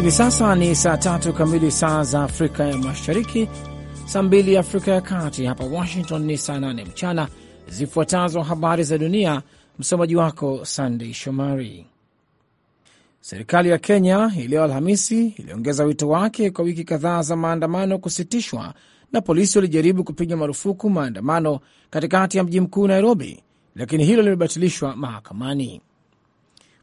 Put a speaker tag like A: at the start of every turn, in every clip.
A: Hivi sasa ni saa tatu kamili saa za Afrika ya Mashariki, saa mbili Afrika ya Kati. Hapa Washington ni saa nane mchana. Zifuatazo habari za dunia, msomaji wako Sandei Shomari. Serikali ya Kenya iliyo Alhamisi iliongeza wito wake kwa wiki kadhaa za maandamano kusitishwa, na polisi walijaribu kupiga marufuku maandamano katikati ya mji mkuu Nairobi, lakini hilo limebatilishwa mahakamani.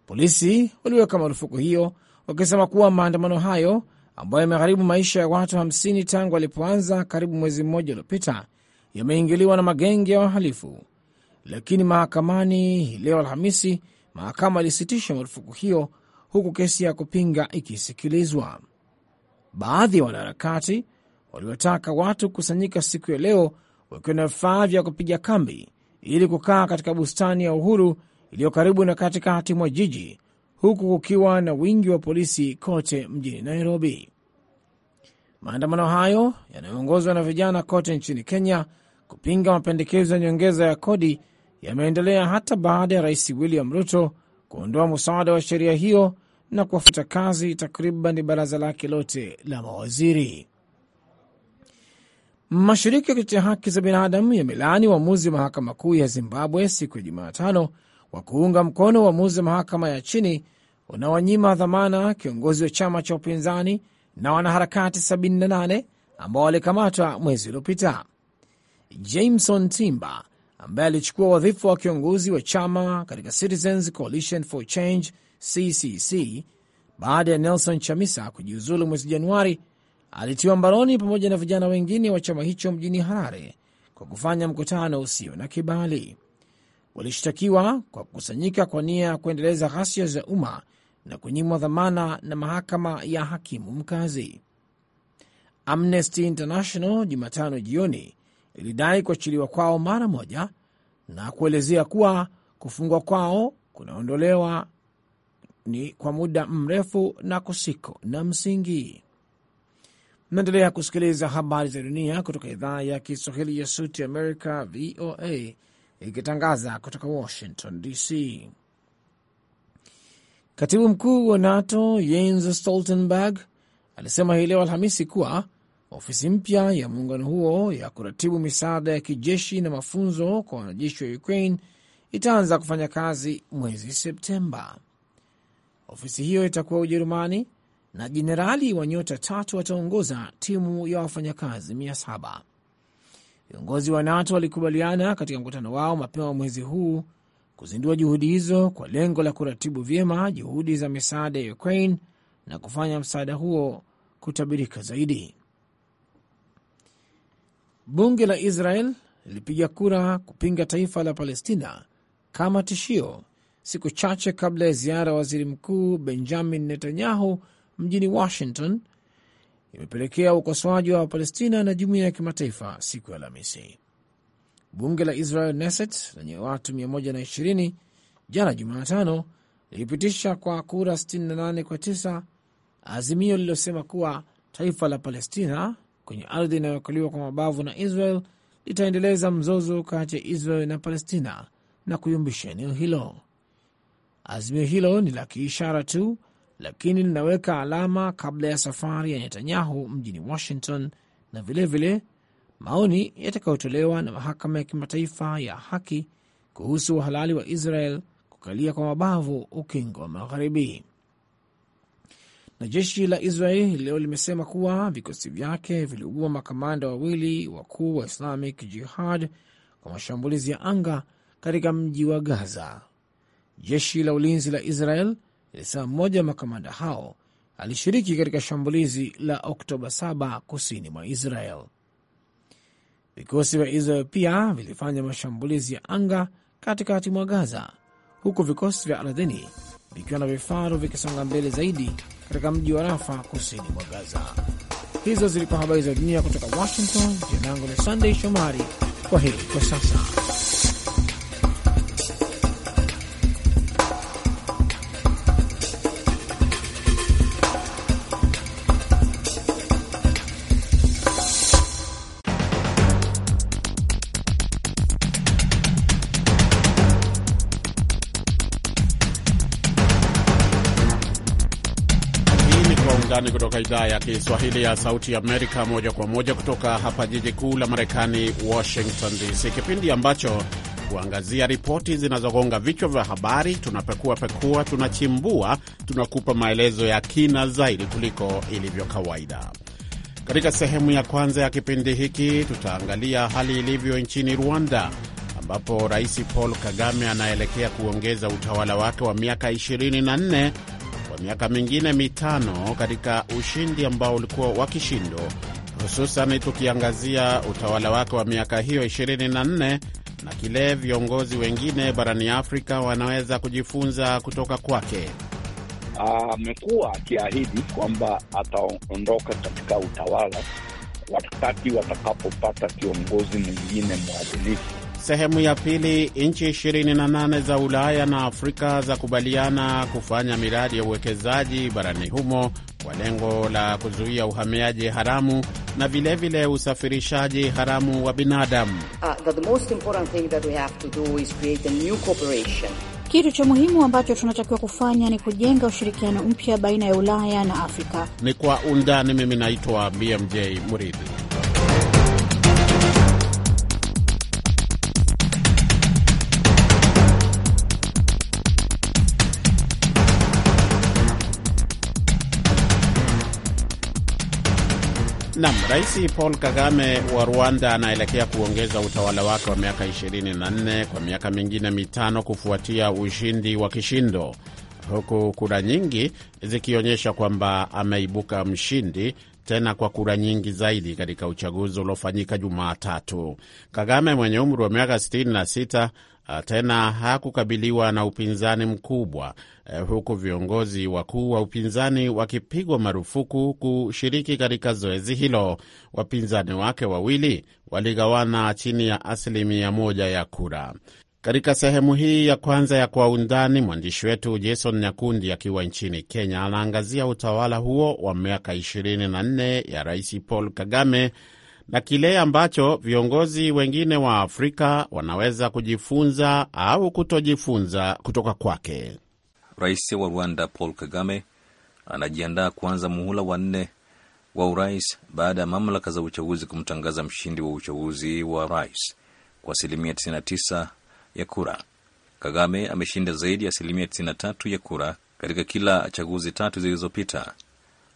A: Polisi waliweka marufuku hiyo wakisema kuwa maandamano hayo ambayo yamegharibu maisha ya watu 50 tangu alipoanza karibu mwezi mmoja uliopita yameingiliwa na magenge ya wahalifu. Lakini mahakamani leo Alhamisi, mahakama ilisitisha marufuku hiyo huku kesi ya kupinga ikisikilizwa. Baadhi ya wanaharakati waliotaka watu kukusanyika siku ya leo wakiwa na vifaa vya kupiga kambi ili kukaa katika bustani ya Uhuru iliyo karibu na katikati mwa jiji huku kukiwa na wingi wa polisi kote mjini Nairobi. Maandamano hayo yanayoongozwa na vijana kote nchini Kenya kupinga mapendekezo ya nyongeza ya kodi yameendelea hata baada ya Rais William Ruto kuondoa msaada wa sheria hiyo na kuwafuta kazi takriban baraza lake lote la mawaziri. Mashirika ya kutetea haki za binadamu yamelaani uamuzi wa mahakama kuu ya Zimbabwe siku ya Jumatano wa kuunga mkono uamuzi wa mahakama ya chini unawanyima dhamana kiongozi wa chama cha upinzani na wanaharakati 78 ambao walikamatwa mwezi uliopita. Jameson Timba ambaye alichukua wadhifa wa kiongozi wa chama katika Citizens Coalition for Change CCC baada ya Nelson Chamisa kujiuzulu mwezi Januari, alitiwa mbaroni pamoja na vijana wengine wa chama hicho mjini Harare kwa kufanya mkutano usio na kibali walishtakiwa kwa kukusanyika kwa nia ya kuendeleza ghasia za umma na kunyimwa dhamana na mahakama ya hakimu mkazi. Amnesty International Jumatano jioni ilidai kuachiliwa kwao mara moja na kuelezea kuwa kufungwa kwao kunaondolewa ni kwa muda mrefu na kusiko na msingi. Mnaendelea kusikiliza habari za dunia kutoka idhaa ya Kiswahili ya Sauti Amerika, VOA, ikitangaza kutoka Washington DC. Katibu mkuu wa NATO Jens Stoltenberg alisema hii leo Alhamisi kuwa ofisi mpya ya muungano huo ya kuratibu misaada ya kijeshi na mafunzo kwa wanajeshi wa Ukraine itaanza kufanya kazi mwezi Septemba. Ofisi hiyo itakuwa Ujerumani na jenerali wa nyota tatu wataongoza timu ya wafanyakazi mia saba. Viongozi wa NATO walikubaliana katika mkutano wao mapema mwezi huu kuzindua juhudi hizo kwa lengo la kuratibu vyema juhudi za misaada ya Ukraine na kufanya msaada huo kutabirika zaidi. Bunge la Israel lilipiga kura kupinga taifa la Palestina kama tishio siku chache kabla ya ziara ya waziri mkuu Benjamin Netanyahu mjini Washington imepelekea ukosoaji wa Wapalestina na jumuiya ya kimataifa siku ya Alhamisi. Bunge la Israel Knesset lenye watu 120 jana Jumatano lilipitisha kwa kura 68 kwa 9 azimio lililosema kuwa taifa la Palestina kwenye ardhi inayokaliwa kwa mabavu na Israel litaendeleza mzozo kati ya Israel na Palestina na kuyumbisha eneo hilo. Azimio hilo ni la kiishara tu lakini linaweka alama kabla ya safari ya Netanyahu mjini Washington na vilevile vile, maoni yatakayotolewa na mahakama ya kimataifa ya haki kuhusu uhalali wa Israel kukalia kwa mabavu ukingo wa Magharibi. Na jeshi la Israel leo limesema kuwa vikosi vyake viliua makamanda wawili wakuu wa Islamic Jihad kwa mashambulizi ya anga katika mji wa Gaza. Jeshi la ulinzi la Israel ilisema mmoja wa makamanda hao alishiriki katika shambulizi la Oktoba 7 kusini mwa Israel. Vikosi vya Israel pia vilifanya mashambulizi ya anga katikati mwa Gaza, huku vikosi vya ardhini vikiwa na vifaru vikisonga mbele zaidi katika mji wa Rafa kusini mwa Gaza. Hizo zilikuwa habari za dunia kutoka Washington. Jina langu ni Shomari. Kwa heri kwa sasa.
B: kutoka idhaa ya Kiswahili ya Sauti ya Amerika, moja kwa moja kutoka hapa jiji kuu la Marekani, Washington DC, kipindi ambacho kuangazia ripoti zinazogonga vichwa vya habari. Tunapekua pekua, tunachimbua, tunakupa maelezo ya kina zaidi kuliko ilivyo kawaida. Katika sehemu ya kwanza ya kipindi hiki tutaangalia hali ilivyo nchini Rwanda ambapo Rais Paul Kagame anaelekea kuongeza utawala wake wa miaka 24 kwa miaka mingine mitano katika ushindi ambao ulikuwa wa kishindo, hususan tukiangazia utawala wake wa miaka hiyo 24 na kile viongozi wengine barani Afrika wanaweza kujifunza kutoka kwake.
C: Amekuwa akiahidi kwamba ataondoka katika utawala wakati watakapopata kiongozi mwingine mwadilifu
B: Sehemu ya pili. Nchi 28 za Ulaya na Afrika zakubaliana kufanya miradi ya uwekezaji barani humo kwa lengo la kuzuia uhamiaji haramu na vilevile vile usafirishaji haramu wa binadamu. Uh,
A: kitu cha muhimu ambacho tunatakiwa kufanya ni kujenga ushirikiano mpya baina ya Ulaya na Afrika.
B: Ni kwa undani. Mimi naitwa BMJ Muridhi. Nam, Rais Paul Kagame wa Rwanda anaelekea kuongeza utawala wake wa miaka 24 kwa miaka mingine mitano kufuatia ushindi wa kishindo, huku kura nyingi zikionyesha kwamba ameibuka mshindi tena kwa kura nyingi zaidi katika uchaguzi uliofanyika Jumatatu. Kagame mwenye umri wa miaka 66 Ah, tena hakukabiliwa na upinzani mkubwa eh, huku viongozi wakuu wa upinzani wakipigwa marufuku kushiriki katika zoezi hilo. Wapinzani wake wawili waligawana chini ya asilimia moja ya kura. Katika sehemu hii ya kwanza ya Kwa Undani, mwandishi wetu Jason Nyakundi akiwa nchini Kenya anaangazia utawala huo wa miaka 24 ya Rais Paul Kagame na kile ambacho viongozi wengine wa Afrika wanaweza kujifunza au kutojifunza kutoka kwake.
D: Rais wa Rwanda Paul Kagame anajiandaa kuanza muhula wa nne wa urais baada ya mamlaka za uchaguzi kumtangaza mshindi wa uchaguzi wa rais kwa asilimia 99 ya kura. Kagame ameshinda zaidi ya asilimia 93 ya kura katika kila chaguzi tatu zilizopita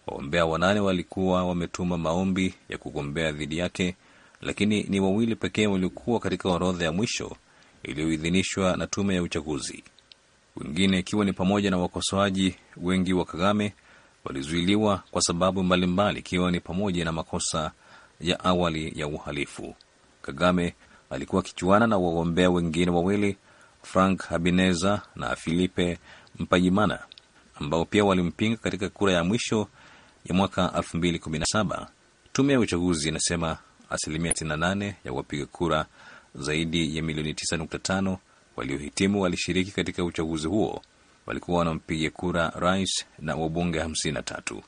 D: Wagombea wanane walikuwa wametuma maombi ya kugombea dhidi yake, lakini ni wawili pekee waliokuwa katika orodha ya mwisho iliyoidhinishwa na tume ya uchaguzi. Wengine ikiwa ni pamoja na wakosoaji wengi wa Kagame walizuiliwa kwa sababu mbalimbali, ikiwa ni pamoja na makosa ya awali ya uhalifu. Kagame alikuwa akichuana na wagombea wengine wawili, Frank Habineza na Filipe Mpayimana, ambao pia walimpinga katika kura ya mwisho ya mwaka 2017, tume ya uchaguzi inasema asilimia 98 ya wapiga kura zaidi ya milioni 9.5 waliohitimu walishiriki katika uchaguzi huo. Walikuwa wanampiga kura rais na wabunge 53.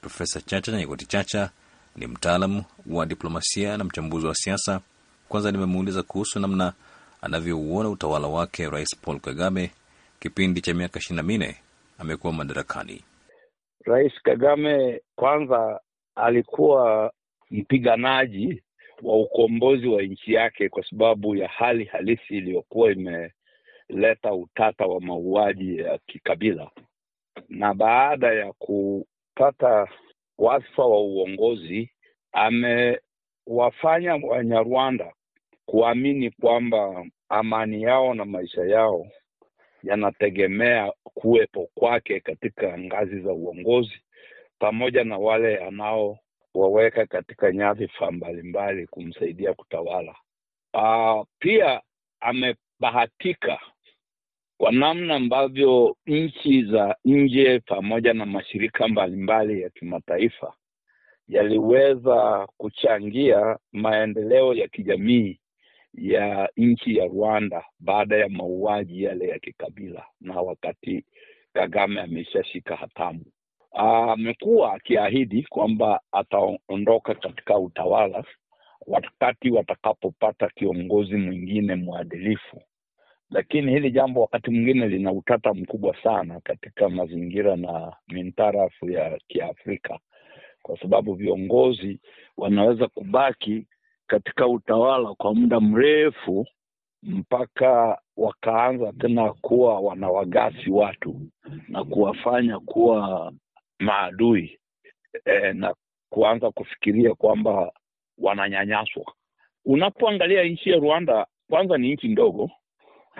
D: Profesa Chacha Nyaigoti Chacha ni mtaalamu wa diplomasia na mchambuzi wa siasa. Kwanza nimemuuliza kuhusu namna anavyouona utawala wake Rais Paul Kagame kipindi cha miaka 24 amekuwa madarakani.
C: Rais Kagame kwanza alikuwa mpiganaji wa ukombozi wa nchi yake kwa sababu ya hali halisi iliyokuwa imeleta utata wa mauaji ya kikabila, na baada ya kupata wadhifa wa uongozi amewafanya Wanyarwanda kuamini kwamba amani yao na maisha yao yanategemea kuwepo kwake katika ngazi za uongozi pamoja na wale anaowaweka katika nyadhifa mbalimbali kumsaidia kutawala. Uh, pia amebahatika kwa namna ambavyo nchi za nje pamoja na mashirika mbalimbali ya kimataifa yaliweza kuchangia maendeleo ya kijamii ya nchi ya Rwanda baada ya mauaji yale ya kikabila na wakati Kagame ameshashika hatamu. Ah, amekuwa akiahidi kwamba ataondoka katika utawala wakati watakapopata kiongozi mwingine mwadilifu, lakini hili jambo wakati mwingine lina utata mkubwa sana katika mazingira na mintarafu ya Kiafrika, kwa sababu viongozi wanaweza kubaki katika utawala kwa muda mrefu mpaka wakaanza tena kuwa wanawagasi watu na kuwafanya kuwa maadui e, na kuanza kufikiria kwamba wananyanyaswa. Unapoangalia nchi ya Rwanda, kwanza ni nchi ndogo,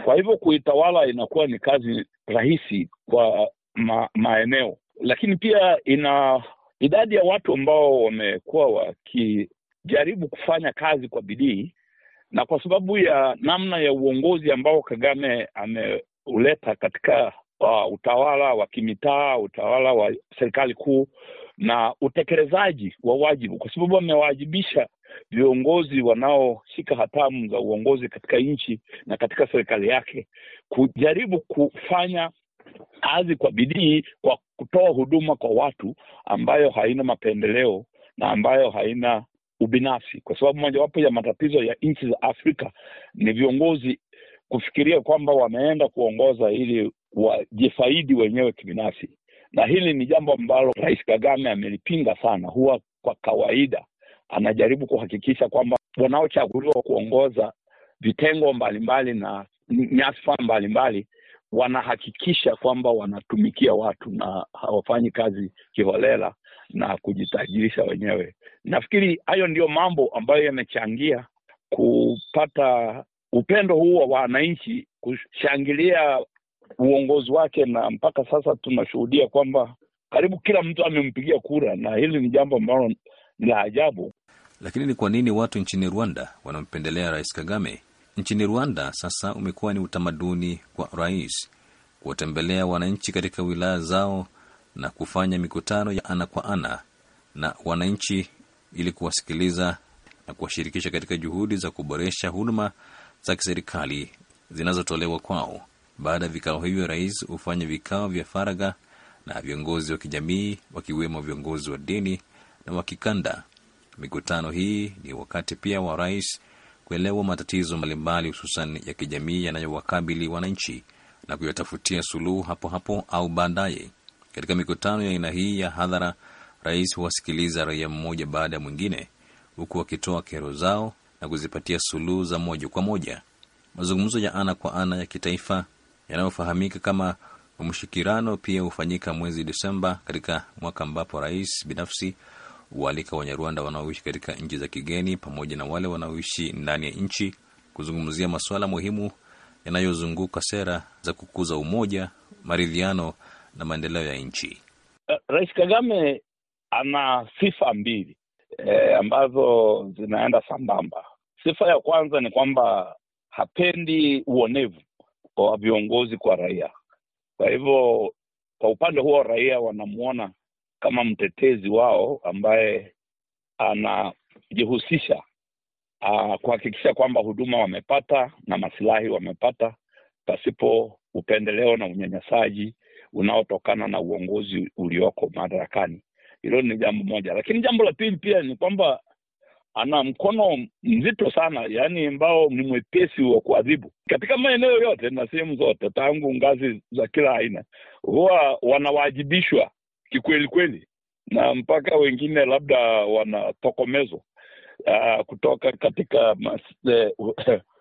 C: kwa hivyo kuitawala inakuwa ni kazi rahisi kwa ma, maeneo, lakini pia ina idadi ya watu ambao wamekuwa waki jaribu kufanya kazi kwa bidii, na kwa sababu ya namna ya uongozi ambao Kagame ameuleta katika uh, utawala wa kimitaa, utawala wa serikali kuu na utekelezaji wa wajibu, kwa sababu amewajibisha viongozi wanaoshika hatamu za uongozi katika nchi na katika serikali yake kujaribu kufanya kazi kwa bidii kwa kutoa huduma kwa watu ambayo haina mapendeleo na ambayo haina ubinafsi, kwa sababu mojawapo ya matatizo ya nchi za Afrika ni viongozi kufikiria kwamba wameenda kuongoza ili wajifaidi wenyewe kibinafsi, na hili ni jambo ambalo Rais Kagame amelipinga sana. Huwa kwa kawaida anajaribu kuhakikisha kwamba wanaochaguliwa kuongoza vitengo mbalimbali mbali na nyasfa mbalimbali wanahakikisha kwamba wanatumikia watu na hawafanyi kazi kiholela na kujitajirisha wenyewe. Nafikiri hayo ndiyo mambo ambayo yamechangia kupata upendo huu wa wananchi kushangilia uongozi wake, na mpaka sasa tunashuhudia kwamba karibu kila mtu amempigia kura, na hili ni jambo ambalo ni la ajabu.
D: Lakini ni kwa nini watu nchini Rwanda wanampendelea Rais Kagame? Nchini Rwanda sasa umekuwa ni utamaduni kwa rais kuwatembelea wananchi katika wilaya zao na kufanya mikutano ya ana kwa ana na wananchi ili kuwasikiliza na kuwashirikisha katika juhudi za kuboresha huduma za kiserikali zinazotolewa kwao. Baada ya vikao hivyo, rais hufanya vikao vya faraga na viongozi wa kijamii wakiwemo viongozi wa dini na wa kikanda. Mikutano hii ni wakati pia wa rais kuelewa matatizo mbalimbali, hususan ya kijamii yanayowakabili wananchi na kuyatafutia suluhu hapo hapo au baadaye. Katika mikutano ya aina hii ya hadhara, rais huwasikiliza raia mmoja baada ya mwingine, huku wakitoa kero zao na kuzipatia suluhu za moja kwa moja. Mazungumzo ya ana kwa ana ya kitaifa yanayofahamika kama mshikirano pia hufanyika mwezi Desemba, katika mwaka ambapo rais binafsi hualika Wanyarwanda wanaoishi katika nchi za kigeni pamoja na wale wanaoishi ndani ya nchi kuzungumzia masuala muhimu yanayozunguka sera za kukuza umoja, maridhiano na maendeleo ya nchi.
C: Eh, Rais Kagame ana sifa mbili e, ambazo zinaenda sambamba. Sifa ya kwanza ni kwamba hapendi uonevu wa viongozi kwa raia. Kwa hivyo kwa upande huo raia wanamwona kama mtetezi wao ambaye anajihusisha ah, kuhakikisha kwamba huduma wamepata na masilahi wamepata pasipo upendeleo na unyanyasaji unaotokana na uongozi ulioko madarakani. Hilo ni jambo moja, lakini jambo la pili pia ni kwamba ana mkono mzito sana, yaani ambao ni mwepesi wa kuadhibu katika maeneo yote na sehemu zote, tangu ngazi za kila aina, huwa wanawajibishwa kikweli kweli, na mpaka wengine labda wanatokomezwa uh, kutoka katika mas, eh, uh,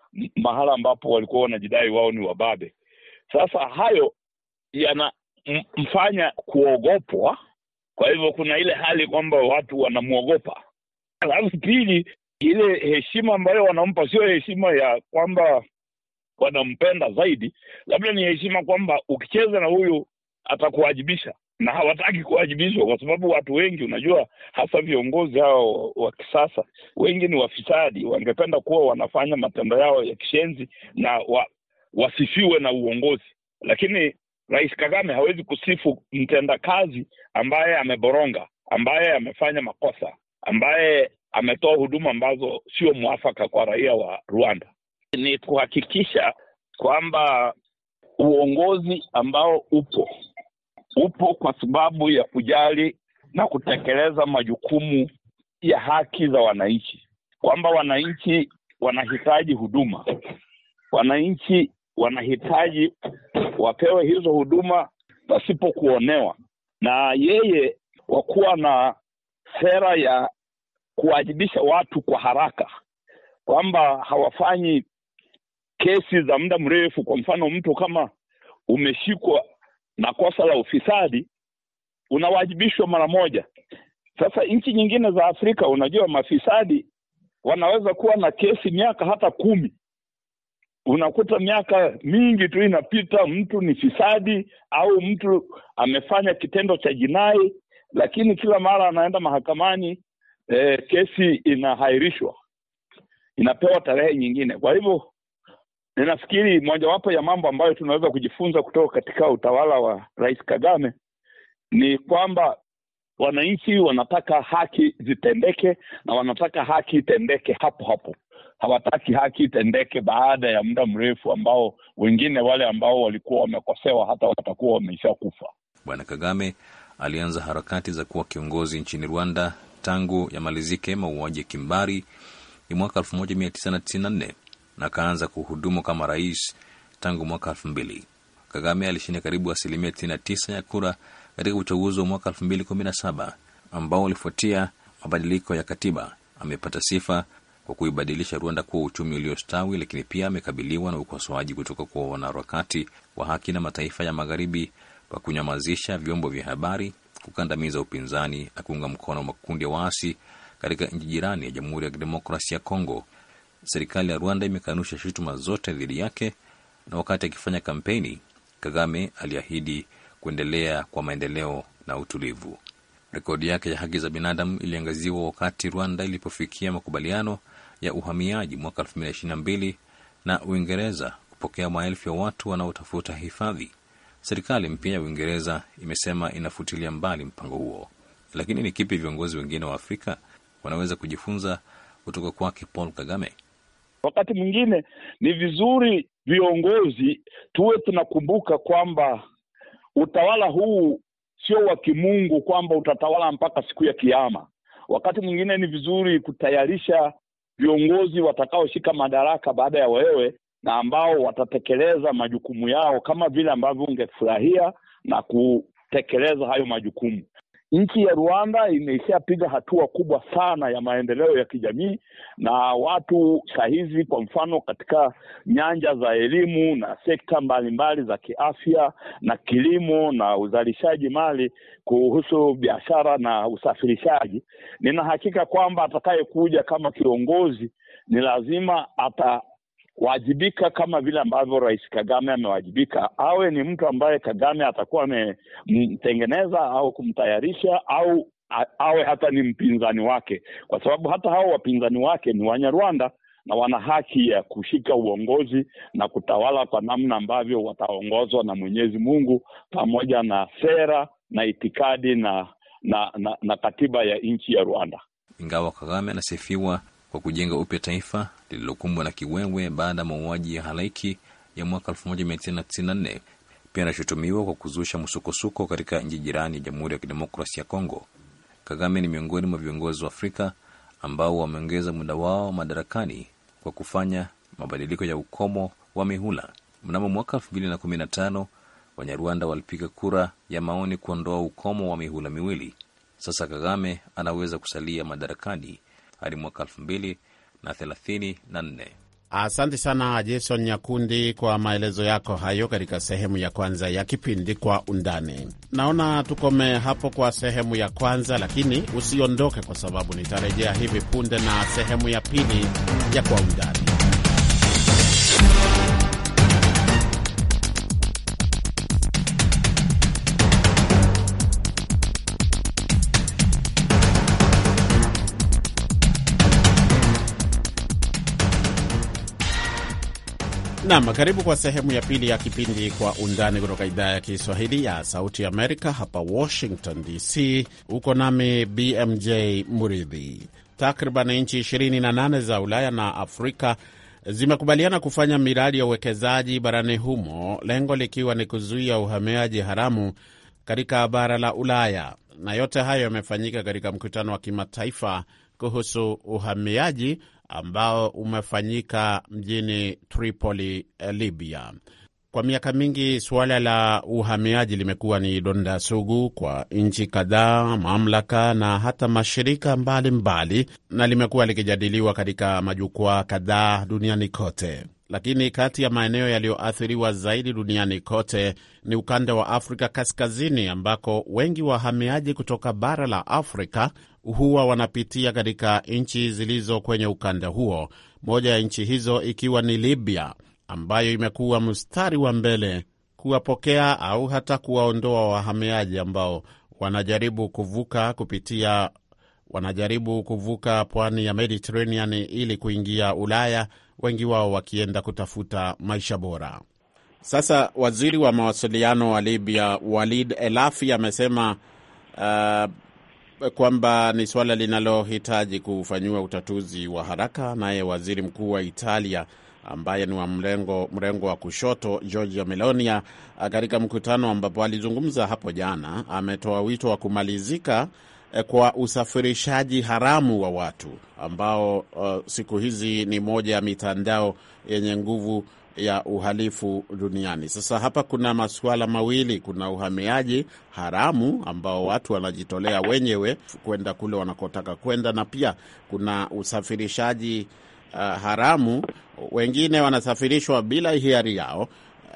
C: mahala ambapo walikuwa wanajidai wao ni wababe. Sasa hayo yana mfanya kuogopwa kwa hivyo kuna ile hali kwamba watu wanamwogopa alafu pili ile heshima ambayo wanampa sio heshima ya kwamba wanampenda zaidi labda ni heshima kwamba ukicheza na huyu atakuwajibisha na hawataki kuwajibishwa kwa sababu watu wengi unajua hasa viongozi hao wa kisasa wengi ni wafisadi wangependa kuwa wanafanya matendo yao ya kishenzi na wa, wasifiwe na uongozi lakini Rais Kagame hawezi kusifu mtendakazi ambaye ameboronga, ambaye amefanya makosa, ambaye ametoa huduma ambazo sio mwafaka kwa raia wa Rwanda. Ni kuhakikisha kwamba uongozi ambao upo upo kwa sababu ya kujali na kutekeleza majukumu ya haki za wananchi, kwamba wananchi wanahitaji huduma, wananchi wanahitaji wapewe hizo huduma pasipo kuonewa, na yeye kwa kuwa na sera ya kuwajibisha watu kwa haraka, kwamba hawafanyi kesi za muda mrefu. Kwa mfano, mtu kama umeshikwa na kosa la ufisadi unawajibishwa mara moja. Sasa nchi nyingine za Afrika, unajua mafisadi wanaweza kuwa na kesi miaka hata kumi unakuta miaka mingi tu inapita, mtu ni fisadi au mtu amefanya kitendo cha jinai, lakini kila mara anaenda mahakamani e, kesi inahairishwa, inapewa tarehe nyingine. Kwa hivyo ninafikiri mojawapo ya mambo ambayo tunaweza kujifunza kutoka katika utawala wa Rais Kagame ni kwamba wananchi wanataka haki zitendeke na wanataka haki itendeke hapo hapo hawataki haki itendeke baada ya muda mrefu ambao wengine wale ambao walikuwa wamekosewa hata watakuwa wameisha kufa.
D: Bwana Kagame alianza harakati za kuwa kiongozi nchini Rwanda tangu yamalizike mauaji ya kimbari ni mwaka 1994 na akaanza kuhudumu kama rais tangu mwaka 2000. Kagame alishinda karibu asilimia 99 ya kura katika uchaguzi wa mwaka 2017 ambao ulifuatia mabadiliko ya katiba. Amepata sifa kwa kuibadilisha Rwanda kuwa uchumi uliostawi, lakini pia amekabiliwa na ukosoaji kutoka kwa wanaharakati wa haki na mataifa ya Magharibi kwa kunyamazisha vyombo vya habari, kukandamiza upinzani na kuunga mkono makundi ya waasi katika nchi jirani ya Jamhuri ya Kidemokrasia ya Kongo. Serikali ya Rwanda imekanusha shutuma zote dhidi yake, na wakati akifanya kampeni, Kagame aliahidi kuendelea kwa maendeleo na utulivu. Rekodi yake ya haki za binadamu iliangaziwa wakati Rwanda ilipofikia makubaliano ya uhamiaji mwaka 2022 na Uingereza kupokea maelfu ya watu wanaotafuta hifadhi. Serikali mpya ya Uingereza imesema inafutilia mbali mpango huo. Lakini ni kipi viongozi wengine wa Afrika wanaweza kujifunza kutoka kwake Paul Kagame?
C: Wakati mwingine ni vizuri viongozi tuwe tunakumbuka kwamba utawala huu sio wa kimungu, kwamba utatawala mpaka siku ya Kiama. Wakati mwingine ni vizuri kutayarisha viongozi watakaoshika madaraka baada ya wewe na ambao watatekeleza majukumu yao kama vile ambavyo ungefurahia na kutekeleza hayo majukumu. Nchi ya Rwanda imeshapiga hatua kubwa sana ya maendeleo ya kijamii, na watu sahizi, kwa mfano, katika nyanja za elimu na sekta mbalimbali za kiafya na kilimo na uzalishaji mali kuhusu biashara na usafirishaji, nina hakika kwamba atakayekuja kama kiongozi ni lazima ata wajibika kama vile ambavyo rais Kagame amewajibika, awe ni mtu ambaye Kagame atakuwa amemtengeneza au kumtayarisha au a, awe hata ni mpinzani wake, kwa sababu hata hao wapinzani wake ni Wanyarwanda na wana haki ya kushika uongozi na kutawala kwa namna ambavyo wataongozwa na Mwenyezi Mungu pamoja na sera na itikadi na na, na, na katiba ya nchi ya Rwanda.
D: Ingawa Kagame anasifiwa kwa kujenga upya taifa lililokumbwa na kiwewe baada ya mauaji ya halaiki ya mwaka 1994. Pia anashutumiwa kwa kuzusha msukosuko katika nchi jirani ya Jamhuri ya Kidemokrasia ya Kongo. Kagame ni miongoni mwa viongozi wa Afrika ambao wameongeza muda wao madarakani kwa kufanya mabadiliko ya ukomo wa mihula. Mnamo mwaka 2015 Wanyarwanda walipiga kura ya maoni kuondoa ukomo wa mihula miwili. Sasa Kagame anaweza kusalia madarakani hadi mwaka elfu mbili na thelathini na nne.
B: Asante sana Jason Nyakundi kwa maelezo yako hayo katika sehemu ya kwanza ya kipindi Kwa Undani. Naona tukome hapo kwa sehemu ya kwanza, lakini usiondoke, kwa sababu nitarejea hivi punde na sehemu ya pili ya Kwa Undani. Nam, karibu kwa sehemu ya pili ya kipindi Kwa Undani kutoka idhaa ya Kiswahili ya Sauti Amerika hapa Washington DC. Uko nami BMJ Muridhi. Takriban nchi 28 za Ulaya na Afrika zimekubaliana kufanya miradi ya uwekezaji barani humo, lengo likiwa ni kuzuia uhamiaji haramu katika bara la Ulaya. Na yote hayo yamefanyika katika mkutano wa kimataifa kuhusu uhamiaji ambao umefanyika mjini Tripoli, eh, Libya. Kwa miaka mingi suala la uhamiaji limekuwa ni donda sugu kwa nchi kadhaa, mamlaka na hata mashirika mbalimbali mbali, na limekuwa likijadiliwa katika majukwaa kadhaa duniani kote. Lakini kati ya maeneo yaliyoathiriwa zaidi duniani kote ni ukanda wa Afrika Kaskazini, ambako wengi wahamiaji kutoka bara la Afrika huwa wanapitia katika nchi zilizo kwenye ukanda huo, moja ya nchi hizo ikiwa ni Libya ambayo imekuwa mstari wa mbele kuwapokea au hata kuwaondoa wahamiaji ambao wanajaribu kuvuka kupitia wanajaribu kuvuka pwani ya Mediterranean ili kuingia Ulaya, wengi wao wakienda kutafuta maisha bora. Sasa waziri wa mawasiliano wa Libya Walid Elafi amesema uh, kwamba ni suala linalohitaji kufanyiwa utatuzi wa haraka. Naye waziri mkuu wa Italia ambaye ni wa mrengo mrengo wa kushoto Giorgia Meloni, katika mkutano ambapo alizungumza hapo jana, ametoa wito wa kumalizika eh, kwa usafirishaji haramu wa watu ambao uh, siku hizi ni moja ya mitandao yenye nguvu ya uhalifu duniani. Sasa hapa kuna masuala mawili, kuna uhamiaji haramu ambao watu wanajitolea wenyewe kwenda kule wanakotaka kwenda, na pia kuna usafirishaji uh, haramu. Wengine wanasafirishwa bila hiari yao,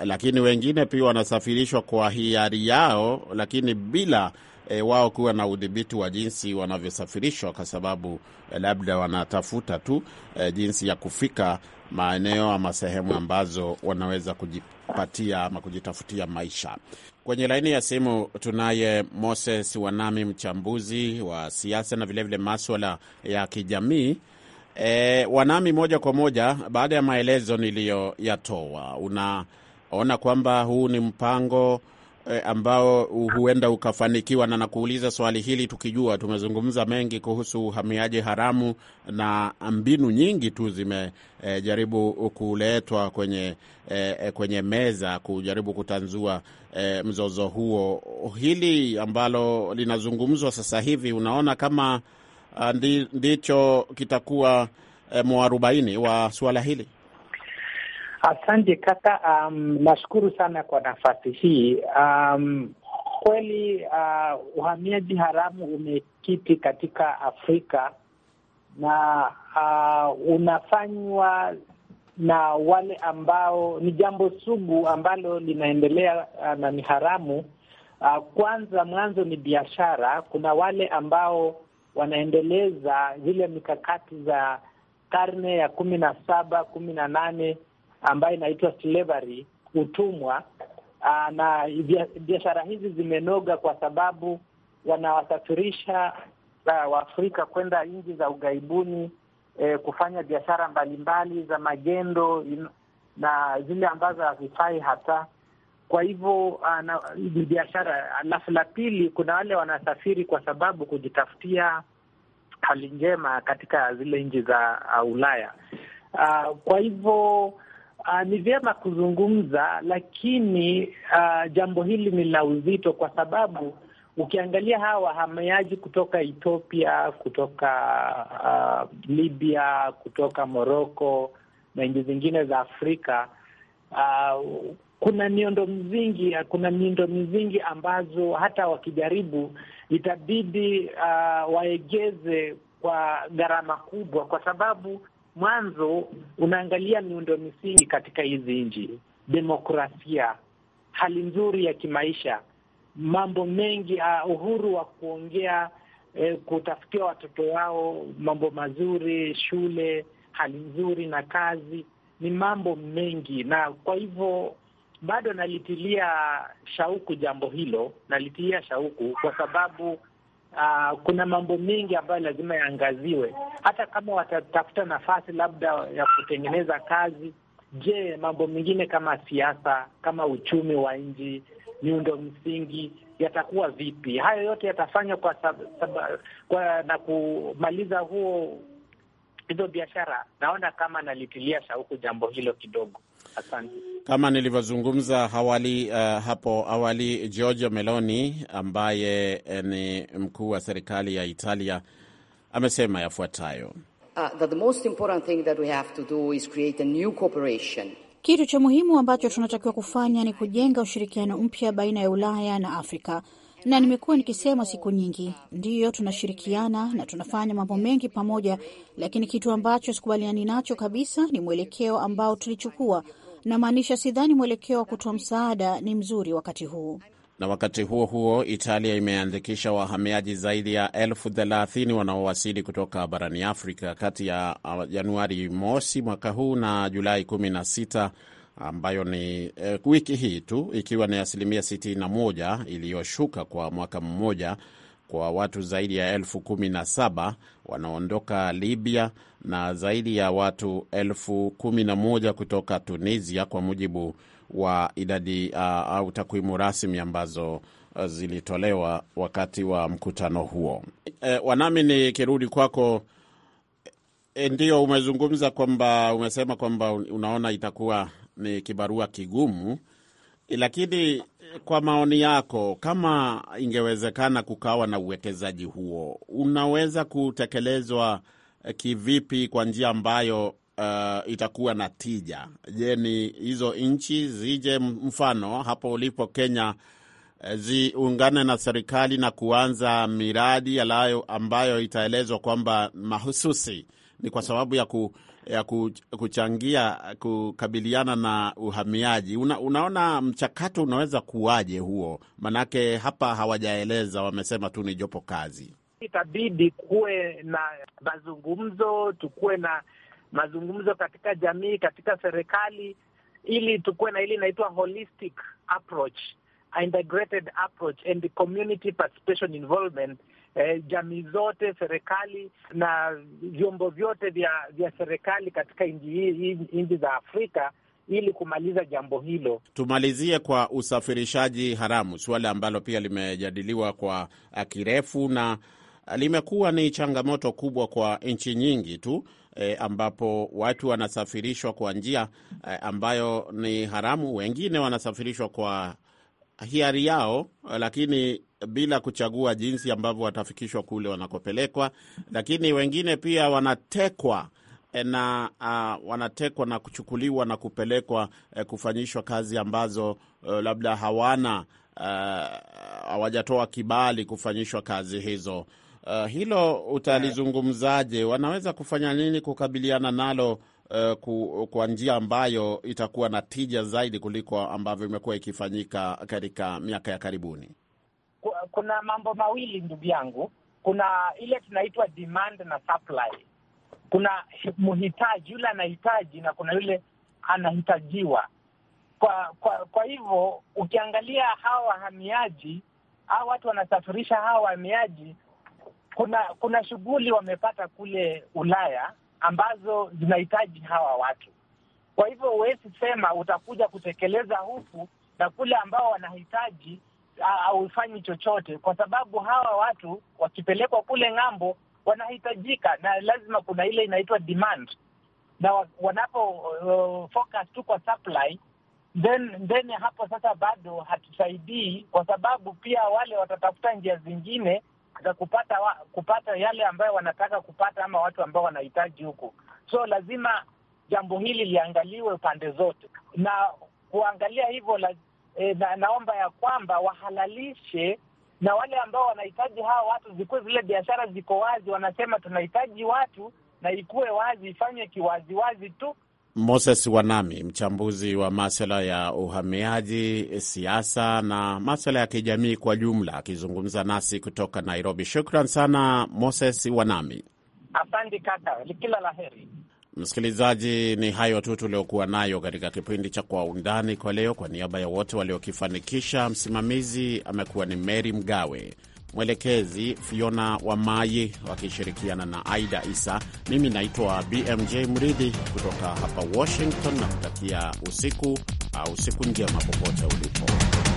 B: lakini wengine pia wanasafirishwa kwa hiari yao, lakini bila E, wao kuwa na udhibiti wa jinsi wanavyosafirishwa kwa sababu e, labda wanatafuta tu e, jinsi ya kufika maeneo ama sehemu ambazo wanaweza kujipatia ama kujitafutia maisha. Kwenye laini ya simu tunaye Moses Wanami, mchambuzi wa siasa na vilevile maswala ya kijamii. E, Wanami, moja kwa moja, baada ya maelezo niliyoyatoa, unaona kwamba huu ni mpango Eh, ambao huenda ukafanikiwa? Na nakuuliza swali hili tukijua tumezungumza mengi kuhusu uhamiaji haramu na mbinu nyingi tu zimejaribu e, kuletwa kwenye, e, kwenye meza kujaribu kutanzua e, mzozo huo. Hili ambalo linazungumzwa sasa hivi unaona kama ah, ndicho kitakuwa e, wa suala hili?
E: Asante kaka, um, nashukuru sana kwa nafasi hii. Um, kweli uh, uhamiaji haramu umekiti katika Afrika na uh, unafanywa na wale ambao ni jambo sugu ambalo linaendelea uh, na ni haramu uh, kwanza mwanzo ni biashara. Kuna wale ambao wanaendeleza zile mikakati za karne ya kumi na saba kumi na nane ambayo inaitwa slavery, utumwa. Aa, ah, na biashara hizi zimenoga kwa sababu wanawasafirisha ah, Waafrika kwenda nchi za ughaibuni eh, kufanya biashara mbalimbali za magendo in, na zile ambazo hazifai hata. Kwa hivyo ah, ni biashara. Alafu la pili, kuna wale wanasafiri kwa sababu kujitafutia hali njema katika zile nchi za Ulaya. Uh, kwa hivyo Uh, ni vyema kuzungumza, lakini uh, jambo hili ni la uzito, kwa sababu ukiangalia hawa wahamiaji kutoka Ethiopia, kutoka uh, Libya, kutoka Moroko na nchi zingine za Afrika uh, kuna miundo mzingi kuna miundo mizingi ambazo hata wakijaribu itabidi uh, waegeze kwa gharama kubwa, kwa sababu mwanzo unaangalia miundo misingi katika hizi nchi, demokrasia, hali nzuri ya kimaisha, mambo mengi, ah, uhuru wa kuongea, eh, kutafutia watoto wao mambo mazuri, shule, hali nzuri na kazi, ni mambo mengi, na kwa hivyo bado nalitilia shauku jambo hilo, nalitilia shauku kwa sababu uh, kuna mambo mengi ambayo lazima yaangaziwe, hata kama watatafuta nafasi labda ya kutengeneza kazi. Je, mambo mengine kama siasa, kama uchumi wa nchi, miundo msingi yatakuwa vipi? Hayo yote yatafanywa kwa, kwa na kumaliza huo hizo biashara. Naona kama nalitilia shauku jambo hilo kidogo. Asante.
B: Kama nilivyozungumza awali, uh, eh, hapo awali Giorgio Meloni ambaye eh, ni mkuu wa serikali ya Italia amesema yafuatayo.
D: Uh,
A: kitu cha muhimu ambacho tunatakiwa kufanya ni kujenga ushirikiano mpya baina ya Ulaya na Afrika, na nimekuwa nikisema siku nyingi, ndiyo tunashirikiana na tunafanya mambo mengi pamoja, lakini kitu ambacho sikubaliani nacho kabisa ni mwelekeo ambao tulichukua Namaanisha, sidhani mwelekeo wa kutoa msaada ni mzuri wakati
B: huu. Na wakati huo huo, Italia imeandikisha wahamiaji zaidi ya elfu thelathini wanaowasili kutoka barani Afrika kati ya uh, Januari mosi mwaka huu na Julai 16 ambayo ni eh, wiki hii tu, ikiwa ni asilimia 61 iliyoshuka kwa mwaka mmoja kwa watu zaidi ya elfu kumi na saba wanaondoka Libya na zaidi ya watu elfu kumi na moja kutoka Tunisia kwa mujibu wa idadi uh, au takwimu rasmi ambazo uh, zilitolewa wakati wa mkutano huo. E, Wanami, kirudi kwako e, ndio umezungumza kwamba umesema kwamba unaona itakuwa ni kibarua kigumu lakini eh, kwa maoni yako, kama ingewezekana kukawa na uwekezaji huo, unaweza kutekelezwa eh, kivipi kwa njia ambayo Uh, itakuwa na tija. Je, ni hizo nchi zije mfano hapo ulipo Kenya ziungane na serikali na kuanza miradi alayo ambayo itaelezwa kwamba mahususi ni kwa sababu ya ku, ya kuchangia kukabiliana na uhamiaji. Una, unaona mchakato unaweza kuwaje huo? Manake hapa hawajaeleza, wamesema tu ni jopo kazi.
E: Itabidi kuwe na mazungumzo, tukuwe na mazungumzo katika jamii, katika serikali, ili tukuwe na ile inaitwa holistic approach, integrated approach and community participation involvement eh, jamii zote, serikali na vyombo vyote vya, vya serikali katika nchi za Afrika ili kumaliza jambo hilo.
B: Tumalizie kwa usafirishaji haramu, suala ambalo pia limejadiliwa kwa kirefu na limekuwa ni changamoto kubwa kwa nchi nyingi tu e, ambapo watu wanasafirishwa kwa njia e, ambayo ni haramu. Wengine wanasafirishwa kwa hiari yao, lakini bila kuchagua jinsi ambavyo watafikishwa kule wanakopelekwa. Lakini wengine pia wanatekwa eh, na uh, wanatekwa na kuchukuliwa na kupelekwa uh, kufanyishwa kazi ambazo uh, labda hawana hawajatoa uh, kibali kufanyishwa kazi hizo. Uh, hilo utalizungumzaje? Wanaweza kufanya nini kukabiliana nalo uh, kwa njia ambayo itakuwa na tija zaidi kuliko ambavyo imekuwa ikifanyika katika miaka ya karibuni?
E: Kuna mambo mawili ndugu yangu, kuna ile tunaitwa demand na supply. Kuna mhitaji yule anahitaji na kuna yule anahitajiwa. Kwa kwa, kwa hivyo ukiangalia hawa wahamiaji au watu wanasafirisha hawa wahamiaji, kuna kuna shughuli wamepata kule Ulaya ambazo zinahitaji hawa watu. Kwa hivyo huwezi sema utakuja kutekeleza huku na kule ambao wanahitaji haufanyi chochote, kwa sababu hawa watu wakipelekwa kule ng'ambo wanahitajika, na lazima kuna ile inaitwa demand, na wanapo uh, focus tu kwa supply then then hapo sasa bado hatusaidii, kwa sababu pia wale watatafuta njia zingine kupata wa, kupata yale ambayo wanataka kupata ama watu ambao wanahitaji huko. So lazima jambo hili liangaliwe pande zote, na kuangalia hivyo la, e, na, naomba ya kwamba wahalalishe na wale ambao wanahitaji hawa watu, zikuwe zile biashara ziko wazi. Wanasema tunahitaji watu na ikuwe wazi, ifanye kiwaziwazi tu,
B: Moses Wanami, mchambuzi wa maswala ya uhamiaji, siasa na maswala ya kijamii kwa jumla, akizungumza nasi kutoka Nairobi. Shukran sana Moses Wanami.
E: Asante kaka, kila la heri.
B: Msikilizaji, ni hayo tu tuliokuwa nayo katika kipindi cha Kwa Undani kwa leo. Kwa niaba ya wote waliokifanikisha, msimamizi amekuwa ni Mary Mgawe, mwelekezi Fiona Wamayi wakishirikiana na Aida Isa. Mimi naitwa BMJ Mridhi kutoka hapa Washington na kutakia usiku au siku njema popote ulipo.